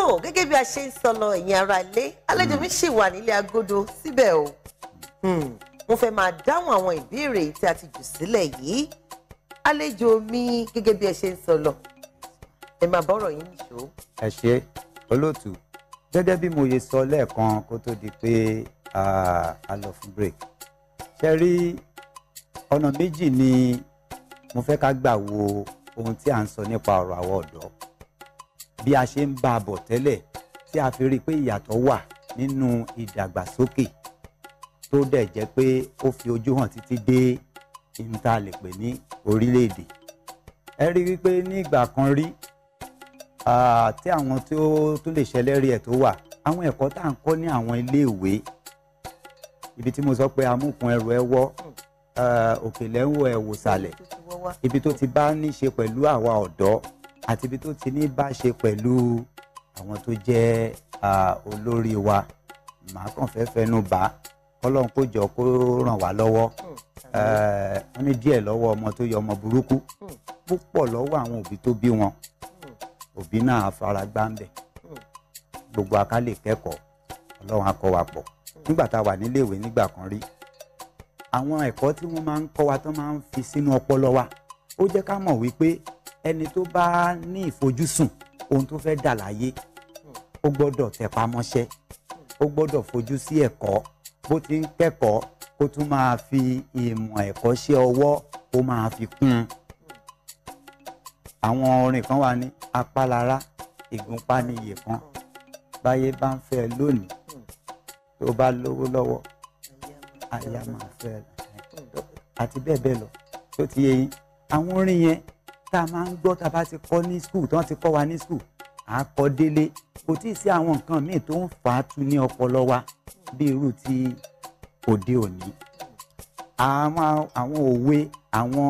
tó gẹ́gẹ́ bí a ṣe ń sọ lọ ẹ̀yin ará ilé àlejò mi hmm. ṣì wà nílé agodo síbẹ̀ o hmm, mo fẹ́ máa dáhùn àwọn ìbéèrè tí a ti jù sílẹ̀ yìí àlejò mi gẹ́gẹ́ bí ẹ ṣe ń sọ lọ ẹ máa bọ́rọ̀ yín nìṣó. ẹ ṣe olóòtú gẹ́gẹ́ bí mo yẹ sọ lẹ́ẹ̀kan kó tó di pé a lọ fún break ṣe rí ọ̀nà méjì ni mo fẹ́ ká gbà wo ohun tí à ń sọ nípa ọ̀rọ̀ àwọn ọ̀dọ́ bí a ṣe ń bá a bọ̀ tẹ́lẹ̀ tí a fi rí i pé ìyàtọ̀ wà nínú ìdàgbàsókè tó dẹ̀ jẹ́ pé ó fi ojú hàn títí dé ohun tá a lè pè ní orílẹ̀-èdè ẹ rí wípé ní ìgbà kan rí tí àwọn tí ó tún lè ṣẹlẹ́rì ẹ̀ tó wà àwọn ẹ̀kọ́ tá à ń kọ́ ní àwọn iléèwé ibi tí mo sọ pé amúkun ẹrù ẹ wọ́ òkèlè ń wo ẹ̀wòsàlẹ̀ ibi tó ti bá ní ṣe pẹ̀lú àwa ọ̀dọ́ àti ibi tó ti ní bá ṣe pẹ̀lú àwọn tó jẹ́ olórí wa màá kàn fẹ́ fẹnu bá kọ́lọ́n kó jọ kó ràn wá lọ́wọ́ hmm. wọ́n ní díẹ̀ lọ́wọ́ ọmọ tó yọ ọmọ burúkú hmm. púpọ̀ lọ́wọ́ àwọn òbí tó bí wọn hmm. òbí náà faragbá ń bẹ̀ gbogbo akálè kẹ́kọ̀ọ́ ọlọ́run akọ wa pọ̀ nígbà tá a wà níléèwé nígbà kan rí àwọn ẹ̀kọ́ tí wọ́n máa ń kọ́ wa tó máa ń fi sínú ọpọlọ wa ó jẹ́ ká mọ̀ wípé ẹni tó bá ní ìfojúsùn ohun tó fẹ́ dà láyé ó gbọ́dọ̀ tẹpá mọ́ṣẹ́ ó gbọ́dọ̀ fojú sí ẹ̀kọ́ bó ti ń kẹ́kọ̀ọ́ kó tún máa fi ìmọ̀ ẹ̀kọ́ ṣe ọwọ́ kó máa fi kún un. àwọn orin kan wà ní apálára ìgúnpá kan báyé bá ń fẹ́ lónìí tó bá lówó lọ́wọ́ àyà máa fẹ́ àti bẹ́ẹ̀ bẹ́ẹ̀ lọ tó ti yẹ yín àwọn orin yẹn tá a máa ń gbọ́ tá a bá ti kọ́ ní skul tí wọ́n ti kọ́ wa ní skul à á kọ́ délé kò tí ì sí àwọn nǹkan míì tó ń fà á tu ní ọpọlọ wa bí irú ti òde òní àwọn òwe àwọn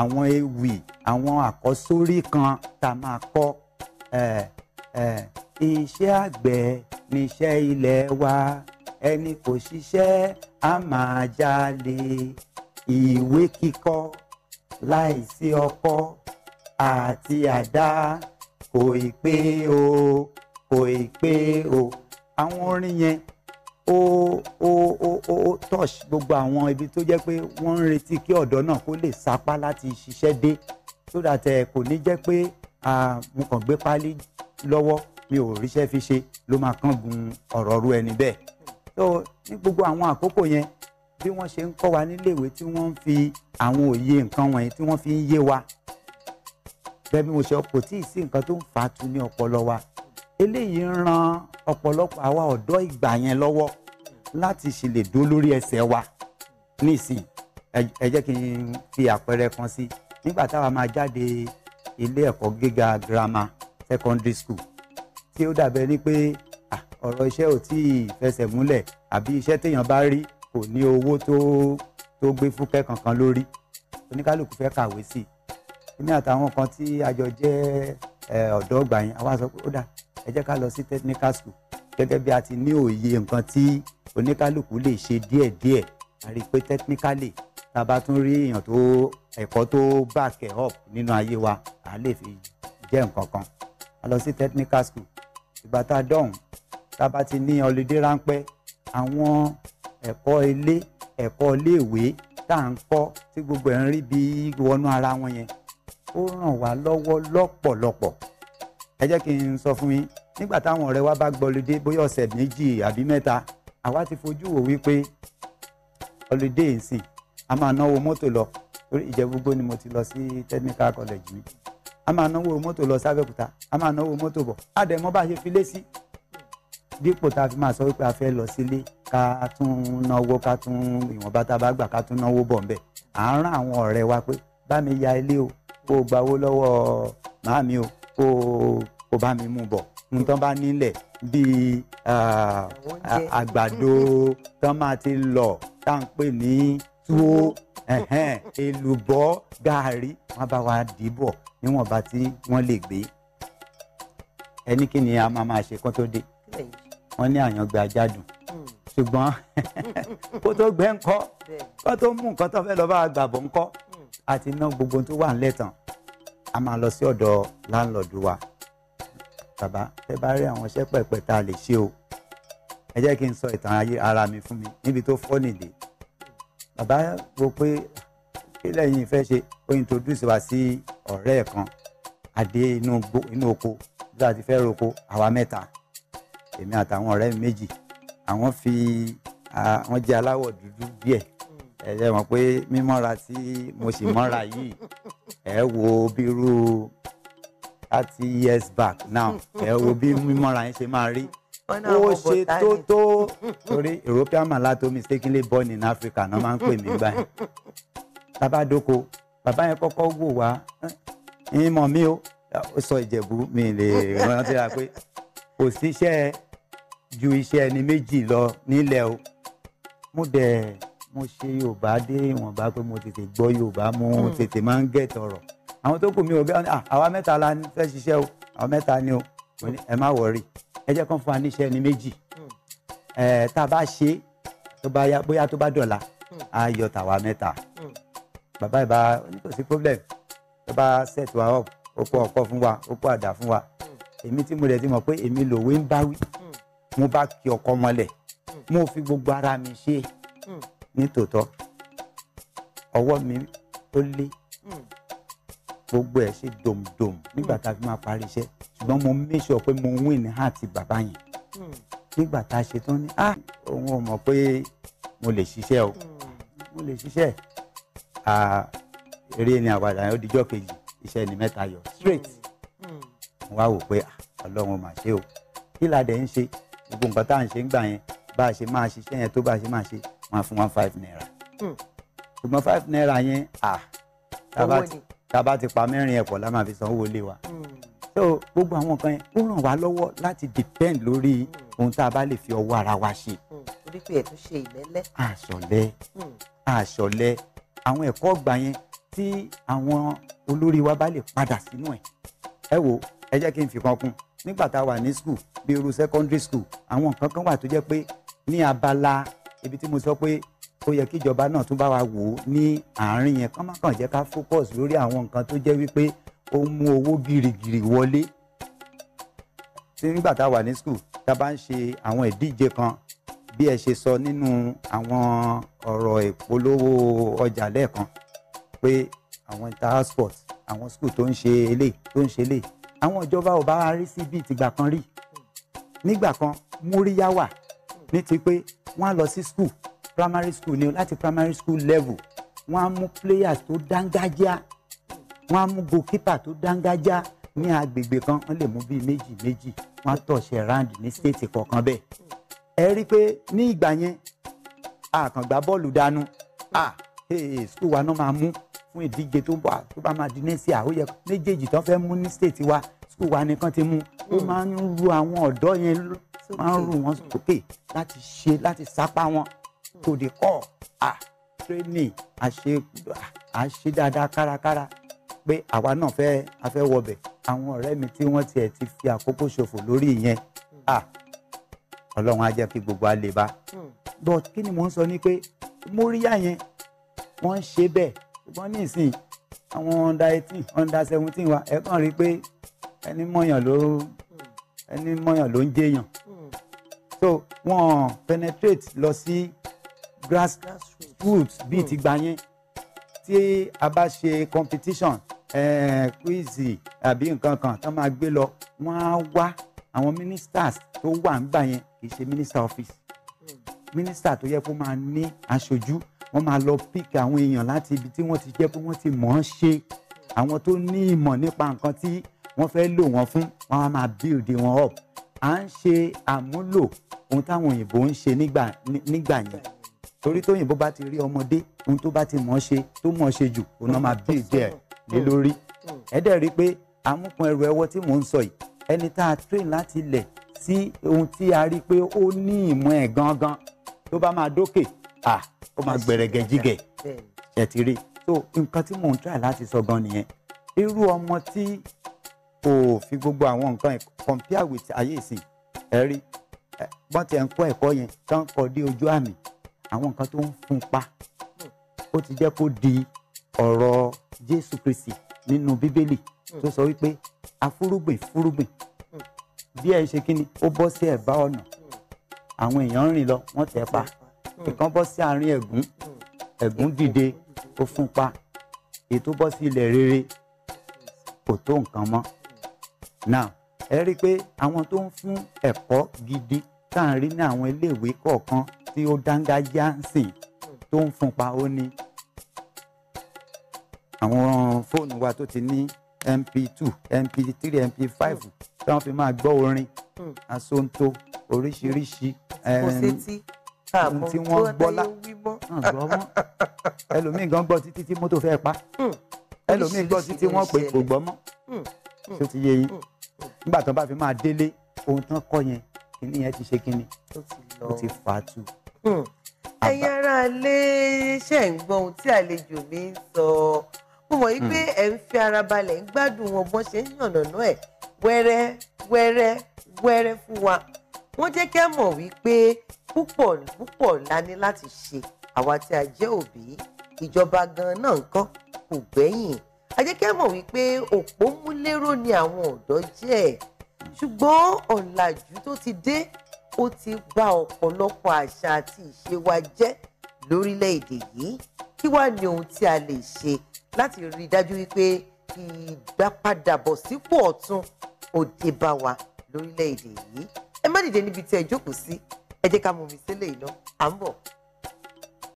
àwọn ewì àwọn àkọsórí kan tá a máa kọ́ iṣẹ́ àgbẹ̀ níṣẹ́ ilẹ̀ wa ẹni kò ṣiṣẹ́ a máa jalè ìwé kíkọ́ láìsí ọkọ́ àti àdá kò ì pé o kò ì pé o àwọn orin yẹn ó ó ó ó touch gbogbo àwọn ibi tó jẹ́ pé wọ́n ń retí kí ọ̀dọ́ náà kó lè sapá láti ṣiṣẹ́ dé so that ẹ eh, kò ní jẹ́ pé mo kàn gbé pálí lọ́wọ́ mi ò ríṣẹ́ fi ṣe ló máa kángun ọ̀rọ̀ ru ẹni bẹ́ẹ̀ so ní gbogbo àwọn àkókò yẹn bí wọ́n ṣe ń kọ́ wa níléèwé tí wọ́n ń fi àwọn òye nǹkan wọ̀nyí tí wọ́n fi ń yé wa bẹ́ẹ̀ bí mo ṣe kò tí ì sí nǹkan tó ń fa tu ní ọpọlọ wa eléyìí ń ran ọ̀pọ̀lọpọ̀ àwa ọ̀dọ́ ìgbà yẹn lọ́wọ́ láti ṣe lè dó lórí ẹsẹ̀ wa nísìn ẹ jẹ́ kí n fi àpẹẹrẹ kan sí nígbà táwa máa jáde ilé ẹ̀kọ́ gíga girama secondary school tí ó dàbẹ̀ ni pé ọ̀rọ̀ iṣẹ́ ò tí ì fẹsẹ̀ múlẹ̀ àbí iṣẹ́ téèyàn bá rí kò ní owó tó tó gbé fúkẹ́ kankan lórí oníkálukú fẹ́ kàwé sí i ní àtàwọn kan tí àjọ jẹ́ ọ̀dọ́ ọgbà yẹn àwa sọ pé ó dà ẹ jẹ́ ká lọ sí technical school gẹ́gẹ́ bí a ti ní òye nǹkan tí oníkálukú lè ṣe díẹ̀díẹ̀ a rí i pé technically tá bá tún rí èèyàn tó ẹ̀kọ́ tó back up nínú ayé wa à lè fi jẹ́ nǹkan kan a lọ sí technical school ìgbà tá a dọ̀hún tá bá ti ní ọlídé ráńpẹ́ àwọn ẹ̀kọ́ ilé ẹ̀kọ́ iléèwé tá à ń kọ́ tí gbogbo ẹ̀ ń rí bí wọnú ara wọn yẹn ó ràn wá lọ́wọ́ lọ́pọ̀lọpọ̀ ẹ jẹ́ kí n sọ fún yín nígbà táwọn ọ̀rẹ́ wa bá gbọ́lódé bóyá ọ̀sẹ̀ méjì àbí mẹ́ta àwa ti fojú wò wípé ọlódé ìsìn a máa náwó mọ́tò lọ torí ìjẹ́gbogbo ni mo ti lọ sí technical college mi a máa náwó mọ́tò lọ sábẹ́kúta a máa náwó mọ́tò bọ̀ á dẹ̀ mọ́ bá ṣe fi lé sí dípò tá a fi máa sọ wípé a fẹ́ lọ sílé ká tún náwó ká tún ìwọ̀nba tá a bá gbà ká tún náwó bọ̀ ńbẹ̀ à ń rán àwọn ọ̀rẹ́ wa pé bá mi ya ilé o kó o gbawó lọ́wọ́ màámi o kó o bá mi mú bọ̀ nǹkan bá nílẹ̀ bíi àgbàdo tán máa ti lọ tá à ń pè ní tuwo èlùbọ́ gàárì wọ́n bá wa dìbò níwọ̀nba tí wọ́n lè gbé ẹni kí ni a máa máa ṣe kán tó dé wọ́n ní àyàngbé ajádùn ṣùgbọ́n kó tó gbẹ́ ńkọ́ kó tó mú nǹkan tó fẹ́ lọ bá a gbàbọ̀ ńkọ́ àti ná gbogbo tó wà ńlẹ̀ a máa lọ sí ọ̀dọ̀ láńlọ́ọ̀dù wa bàbá tẹ́ bá rí àwọn iṣẹ́ pẹ̀pẹ̀ tá a lè ṣe o ẹ jẹ́ kí n sọ ìtàn ayé ara mi fún mi níbi tó fọ́ nìdí bàbá wo pé kí lẹ́yìn ìfẹ́ ṣe ó introduce wa sí ọ̀rẹ́ ẹ̀ kan adé inú oko bí a ti fẹ́ roko àwa mẹ́ta èmi àtàwọn ọ̀rẹ́ mi méjì àwọn fi àwọn jẹ́ aláwọ̀ dúdú díẹ̀ hmm. ẹ jẹ́ mọ̀ pé mímọ́ra tí mo sì mọ́ra yìí ẹ wo bírú thirty years back now ẹ wo bí mímọ́ra yẹn ṣe máa rí ó ṣe tó tó torí European malato mistakenly born in Africa náà máa ń pè mí gbà yẹn tabadoko bàbá yẹn kọ́kọ́ wò wá ìmọ̀ mi ó sọ Ìjẹ̀bú mi lè rántí ra pé kò síṣẹ́ ju iṣẹ́ ẹni méjì lọ nílẹ̀ o mo dẹ̀ mo ṣe yorùbá dé ìwọ̀nba pé mo tètè gbọ́ yorùbá mo hmm. tètè máa ń gẹ̀ tọ̀rọ̀ àwọn tó kù mí ò gẹ́ àwa mẹ́ta la fẹ́ ṣiṣẹ́ o àwa mẹ́ta ni o ẹ má wọrí ẹ jẹ́ kán fún wa níṣẹ́ ẹni méjì hmm. ẹ tá a bá ṣe tó bá yá bóyá tó bá dọ̀la á hmm. yọ tàwa mẹ́ta bàbá ìbá oníkòsí problem tó bá set wa up ó kó ọkọ fún wa ó kó àdá fún wa èmi tí mo rẹ̀ ti mọ̀ pé èmi lòwe ń báwí mo bá kí ọkọ mọ́lẹ̀ hmm. mo fi gbogbo ara mi ṣe hmm. nítòótọ́ ọwọ́ mi ó lé hmm. gbogbo ẹ̀ ṣe dòmdòm nígbà tá a fi máa parí iṣẹ́ ṣùgbọ́n mo make sure pé mo win ní àti bàbá yẹn nígbà tá a ṣe tán ní ah òun ò mọ̀ pé mo lè ṣiṣẹ́ o mo lè ṣiṣẹ́ eré ni àwàdà yẹn ó dijọ́ kejì iṣẹ́ ni mẹ́ta yọ straight mo wá wò pé ah, ọlọ́run mà ṣe o kí la dẹ̀ ń ṣe gbogbo nǹkan tá à ń ṣe ń gbà yẹn bá a ṣe máa ṣiṣẹ́ yẹn tó bá a ṣe máa ṣe máa fún one five naira hmm. ṣùgbọ́n five naira yẹn tá a bá ti pa mẹ́rin ẹ̀pọ̀ la máa fi sanwó lé wa hmm. so gbogbo àwọn nǹkan yẹn ó ràn wá lọ́wọ́ láti depend lórí hmm. ohun tá a bá lè fi ọwọ́ ara wa ṣe. torí pé ẹ̀ tún ṣe ìlẹ́lẹ́. àṣọlẹ àṣọlẹ àwọn ẹ̀kọ́ ọgbà yẹn tí àwọn olórí wa bá lè padà sínú ẹ̀ ẹ wo ẹ jẹ́ kí n fi kan kún nígbà tá a wà ní school bí irú secondary school àwọn nǹkan kan wà tó jẹ́ pé ní abala ibi tí mo sọ pé ó yẹ kí ìjọba náà tún bá wa wò ó ní àárín yẹn kán má kàn jẹ́ ká focus lórí àwọn nǹkan tó jẹ́ wípé ó ń mú owó gìrìgìrì wọlé tí nígbà tá a wà ní school tá a bá ń ṣe àwọn ìdíje kan bí ẹ ṣe sọ nínú àwọn ọ̀rọ̀ ìpolówó ọjà lẹ́ẹ̀kan pé àwọn inter àwọn school tó ń ṣe eléyìí tó ń ṣe eléyìí àwọn ìjọba ò bá rí sí bíi tìgbà kan rí nígbà kan múríyá wà ní ti pé wọ́n á lọ sí school primary school ni láti primary school level wọ́n á mú players tó dángájá wọ́n á mú goalkeeper tó dángájá ní agbègbè kan wọ́n lè mú bíi méjì méjì wọ́n á tọ̀ṣẹ̀ round ní state kọ̀ọ̀kan bẹ́ẹ̀ ẹ rí i pé ní ìgbà yẹn àkàngbá bọ́ọ̀lù dànù ah hey, school wa náà máa mú fún ìdíje tó wà tó bá máa di nẹ́sì àwòyẹ méjèèjì tó fẹ́ mú ní state wa school wa nìkan ti mú ó hmm. máa ń ru àwọn ọ̀dọ́ yẹn máa ń ru wọn sókè láti ṣe láti sapá wọn to the core ah training àṣe àṣe dáadáa kárakára pé àwa náà fẹ́ afẹ́ wọbẹ̀ àwọn ọ̀rẹ́ mi tí wọ́n tiẹ̀ ti fi àkókò ṣòfò lórí ìyẹn ah ọlọ́run á jẹ́ kí gbogbo á lè bá hmm. but kí ni mò ń sọ ni pé móríyá yẹn wọ́n ń ṣe bẹ́ẹ̀ ṣùgbọ́n ní ìsìn àwọn under eighteen under seventeen wa ẹ kàn rí i pé ẹni mọ̀yàn ló ẹni mọ̀yàn ló ń jẹyàn so wọ́n penetrate lọ sí grass roots bíi ti gbà yẹn tí a bá ṣe competition kúìsì àbí nǹkan kan tó máa gbé lọ wọ́n á wá àwọn ministers tó wà ń gbà yẹn kì í ṣe minister office minister tó yẹ kó máa ní aṣojú wọ́n máa lọ píkì àwọn èèyàn láti ibi tí wọ́n ti jẹ́ pé wọ́n ti mọ̀ ọ́n ṣe àwọn tó ní ìmọ̀ nípa nǹkan tí wọ́n fẹ́ lò wọ́n fún wọ́n á máa build wọn up à ń ṣe àmúlò ohun táwọn òyìnbó ń ṣe nígbà yẹn torí tóyìnbó bá ti rí ọmọdé ohun tó bá ti mọ̀ ọ́n ṣe tó mọ̀ ọ́n ṣe jù òun náà máa build ẹ̀ lé lórí ẹ̀dẹ̀ rí i pé amúkan ẹrù ẹwọ́ tí mò ń sọ yìí ẹni tá a train láti ilẹ̀ sí ohun tí a rí i pé ó ní ìmọ̀ ẹ̀ gangan tó bá máa dókè ah ó máa gbẹrẹgẹ jígẹ ẹ ti rí so nǹkan tí mò ń try láti sọ gan nìyẹn irú ọmọ tí kò fi gbogbo àwọn nǹkan compare with ayé ìsìn ẹ rí wọ́n ti ẹ̀ ń kọ́ ẹ̀kọ́ yẹn tó ń kọ́ dé ojú àmì àwọn nǹkan tó ń fún pa ó ti jẹ́ kó di ọ̀rọ̀ Jésù Kristi nínú Bíbélì tó sọ wípé afúrúgbìn fúrúgbìn bí ẹ ṣe kí ni ó bọ́ sí ẹ̀bá ọ̀nà àwọn èèyàn ń rìn lọ wọ́n tẹ̀ pa ìkan bọ́ sí àárín ẹ̀gún ẹ̀gún dìde ó fún pa èyí tó bọ́ sí ilẹ̀ rere kò tó nǹkan mọ́ now ẹ rí i pé àwọn tó ń fún ẹ̀kọ́ gidi tá à ń rí ní àwọn iléèwé kọ̀ọ̀kan tí ó dángájá ń sìn tó ń fún pa ó ní àwọn fóònù wa tó ti ní mp2 mp3 mp5 tí wọ́n fi máa gbọ́ orin hmm. asonto oríṣiríṣi. kò sétí tí wọ́n gbọ́ mọ́ ẹlòmíì gan gbọ́ títí tí mọ́tò fẹ́ pa ẹlòmíì gbọ́ títí wọ́n pè kò gbọ́ mọ́ tó ti yé yín nígbà tó bá fi máa délé ohun tán kọ́ yẹn kíní yẹn ti ṣe kíní ó ti fà á tu. ẹ̀yin ará ilé ṣe ń gbọ́ ohun tí àlejò mi ń sọ mo mọ̀ wípé ẹ̀ ń fi ara balẹ̀ ń gbádùn wọn ṣe ń yànnàná ẹ̀ wẹ́rẹ́ wẹ́rẹ́ wẹ́rẹ́ fún wa wọ́n jẹ́ kẹ́ mọ̀ wípé púpọ̀ púpọ̀ la ní láti ṣe àwa tí a jẹ́ òbí ìjọba gan náà nǹkan kò gbẹ́yìn a mọ̀ wípé òpómúléró ni àwọn ọ̀dọ́ jẹ́ ṣùgbọ́n ọ̀làjú tó ti dé ó ti bà ọ̀pọ̀lọpọ̀ àṣà àti ìṣe wa jẹ́ lórílẹ̀‐èdè yìí kí wàá ní ohun tí a lè ṣe láti rí i dájú wípé ìdápadàbọ̀sípò ọ̀tun òde bá wa lórílẹ̀‐èdè yìí ẹ má dìde níbi tí ẹ jókòó sí ẹ jẹ́ ká mọ omi sílẹ̀ iná à ń bọ̀.